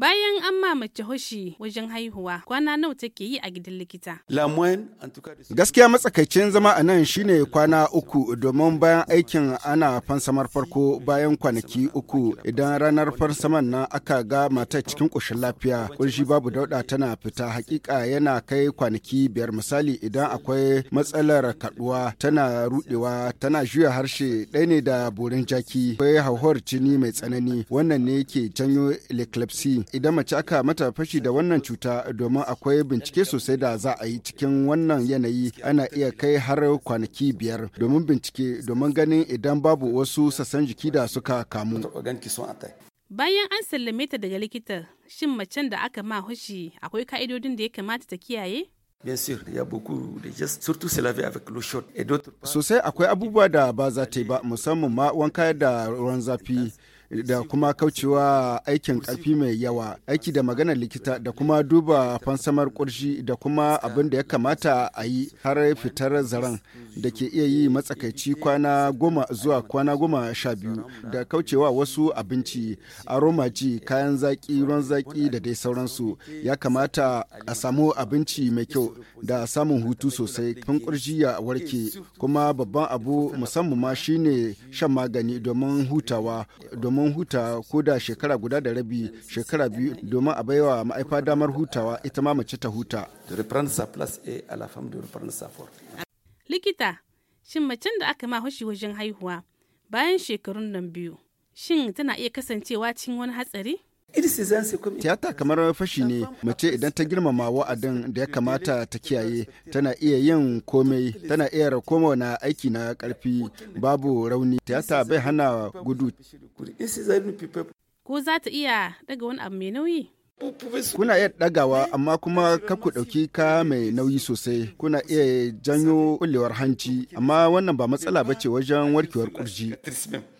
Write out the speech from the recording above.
Bayan an ma mace hoshi wajen haihuwa kwana nawa take yi a gidan likita. Gaskiya matsakaicin zama a nan shine kwana uku domin bayan aikin ana fansamar farko bayan kwanaki uku idan ranar fansamar na aka ga mata cikin ƙoshin lafiya ƙunshi babu dauɗa tana fita hakika yana kai kwanaki biyar misali idan akwai matsalar kaduwa tana rudewa tana juya harshe ɗaya ne da burin jaki akwai hauhawar jini mai tsanani wannan ne ke janyo leclepsy idan mace aka mata fashi da wannan cuta domin akwai bincike sosai da za a yi cikin wannan yanayi ana iya kai har kwanaki biyar domin bincike domin ganin idan babu wasu sassan jiki da suka kamu. Bayan an sallame ta daga likita, shin macen da aka ma hushi akwai ka'idodin da ya kamata ta kiyaye? Sosai akwai abubuwa da ba za ta yi ba, musamman ma wanka da ruwan zafi. da kuma kaucewa aikin karfi mai yawa aiki da maganar likita da kuma duba fansamar kurshi da kuma abin da ya kamata a yi har fitar zaren da ke iya yi matsakaici kwana goma zuwa kwana goma sha biyu da kaucewa wasu abinci ji kayan zaki ruwan zaki da dai sauransu ya kamata a samu abinci mai kyau da samun hutu sosai kan kurji ya warke kuma babban abu musamman ma shine shan magani domin hutawa domin huta ko da shekara guda da rabi shekara biyu domin a baiwa ma'aifa damar hutawa ita ma mace ta huta. likita shin macen da aka ma hushi wajen haihuwa bayan shekarun nan biyu shin tana iya kasancewa cikin wani hatsari tiyata kamar fashi ne mace idan ta girmama wa'adin da ya kamata ta kiyaye tana iya yin komai tana iya koma na aiki na karfi babu rauni tiyata bai hana gudu ko za ta iya daga wani abu mai nauyi Kuna iya ɗagawa amma kuma ka ku ɗauki ka mai nauyi sosai. Kuna iya janyo ƙullewar hanci amma wannan ba matsala ba ce wajen warkewar ƙurji.